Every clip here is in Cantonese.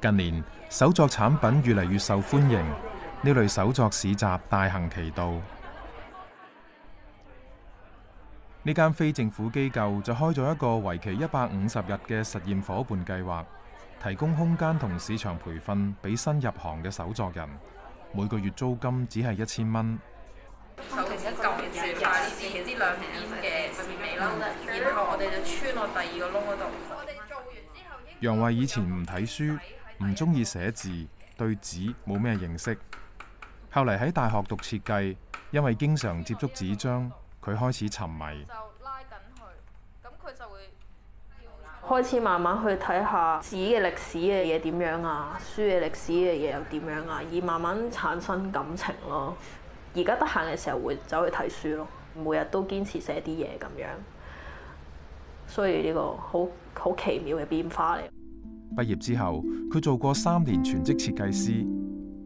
近年手作產品越嚟越受歡迎，呢類手作市集大行其道。呢間非政府機構就開咗一個為期一百五十日嘅實驗夥伴計劃，提供空間同市場培訓俾新入行嘅手作人。每個月租金只係一千蚊。手型一舊月蝕晒呢啲啲兩邊嘅線尾窿啦，然後我哋就穿落第二個窿嗰度。楊慧以前唔睇書。唔中意寫字，對紙冇咩認識。後嚟喺大學讀設計，因為經常接觸紙張，佢開始沉迷。就拉緊佢，咁佢就會開始慢慢去睇下紙嘅歷史嘅嘢點樣啊，書嘅歷史嘅嘢又點樣啊，而慢慢產生感情咯。而家得閒嘅時候會走去睇書咯，每日都堅持寫啲嘢咁樣，所以呢個好好奇妙嘅變化嚟。畢業之後，佢做過三年全職設計師，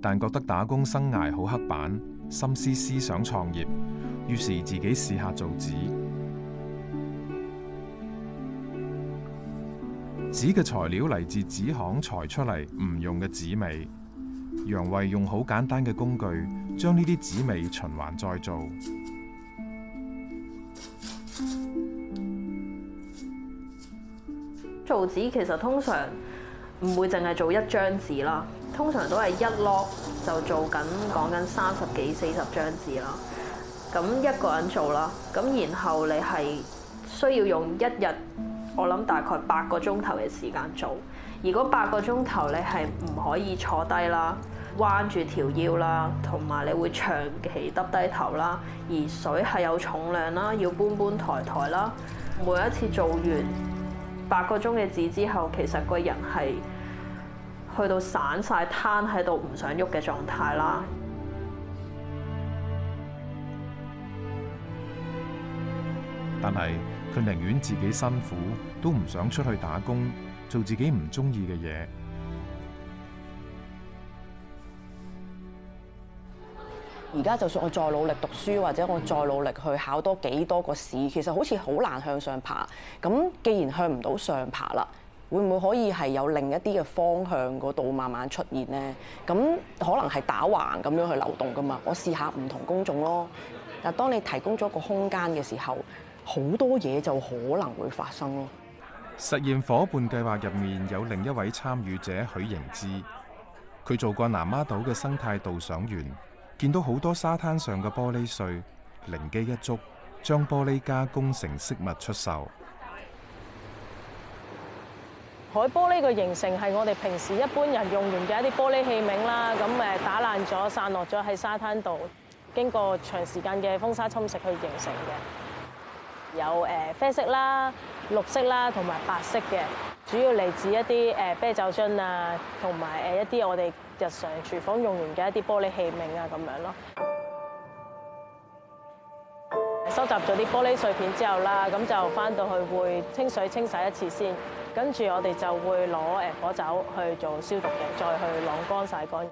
但覺得打工生涯好刻板，心思思想創業，於是自己試下做紙。紙嘅材料嚟自紙行裁出嚟唔用嘅紙尾。楊慧用好簡單嘅工具，將呢啲紙尾循環再做。做紙其實通常。唔會淨係做一張紙啦，通常都係一 log 就做緊講緊三十幾四十張紙啦。咁一個人做啦，咁然後你係需要用一日，我諗大概八個鐘頭嘅時間做。如果八個鐘頭你係唔可以坐低啦、彎住條腰啦，同埋你會長期耷低頭啦，而水係有重量啦，要搬搬抬抬啦。每一次做完八個鐘嘅紙之後，其實個人係～去到散晒攤喺度唔想喐嘅狀態啦。但係佢寧願自己辛苦，都唔想出去打工做自己唔中意嘅嘢。而家就算我再努力讀書，或者我再努力去考多幾多個試，其實好似好難向上爬。咁既然向唔到上爬啦。會唔會可以係有另一啲嘅方向嗰度慢慢出現呢？咁可能係打橫咁樣去流動噶嘛？我試下唔同工種咯。但係當你提供咗個空間嘅時候，好多嘢就可能會發生咯。實現伙伴計劃入面有另一位參與者許螢芝，佢做過南丫島嘅生態導賞員，見到好多沙灘上嘅玻璃碎，靈機一觸，將玻璃加工成飾物出售。海玻璃嘅形成係我哋平時一般人用完嘅一啲玻璃器皿啦，咁誒打爛咗散落咗喺沙灘度，經過長時間嘅風沙侵蝕去形成嘅，有誒啡色啦、綠色啦同埋白色嘅，主要嚟自一啲誒啤酒樽啊，同埋誒一啲我哋日常廚房用完嘅一啲玻璃器皿啊咁樣咯。收集咗啲玻璃碎片之後啦，咁就翻到去會清水清洗一次先，跟住我哋就會攞誒火酒去做消毒嘅，再去晾乾曬乾。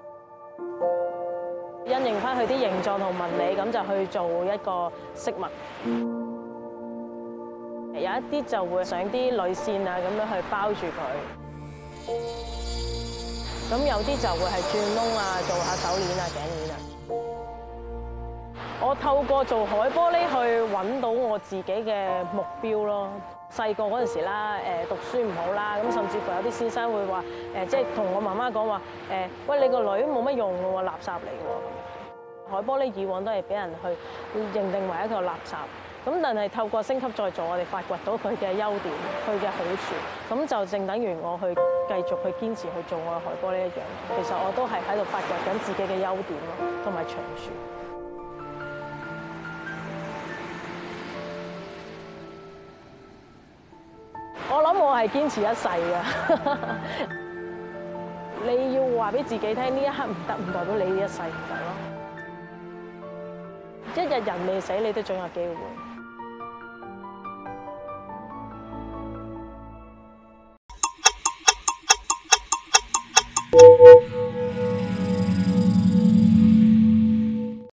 因應翻佢啲形狀同紋理，咁就去做一個飾物。有一啲就會上啲鋁線啊，咁樣去包住佢。咁有啲就會係鑽窿啊，做下手鏈啊、頸鏈啊。我透過做海玻璃去揾到我自己嘅目標咯。細個嗰陣時啦，誒讀書唔好啦，咁甚至乎有啲先生會話，誒即係同我媽媽講話，誒喂你個女冇乜用嘅喎，垃圾嚟嘅喎。海玻璃以往都係俾人去認定為一個垃圾，咁但係透過升級再造，我哋發掘到佢嘅優點，佢嘅好處，咁就正等於我去繼續去堅持去做我嘅海玻璃一,一樣。其實我都係喺度發掘緊自己嘅優點咯，同埋長處。我諗我係堅持一世㗎，你要話俾自己聽，呢一刻唔得唔代表你呢一世唔得咯，一日人未死，你都仲有機會。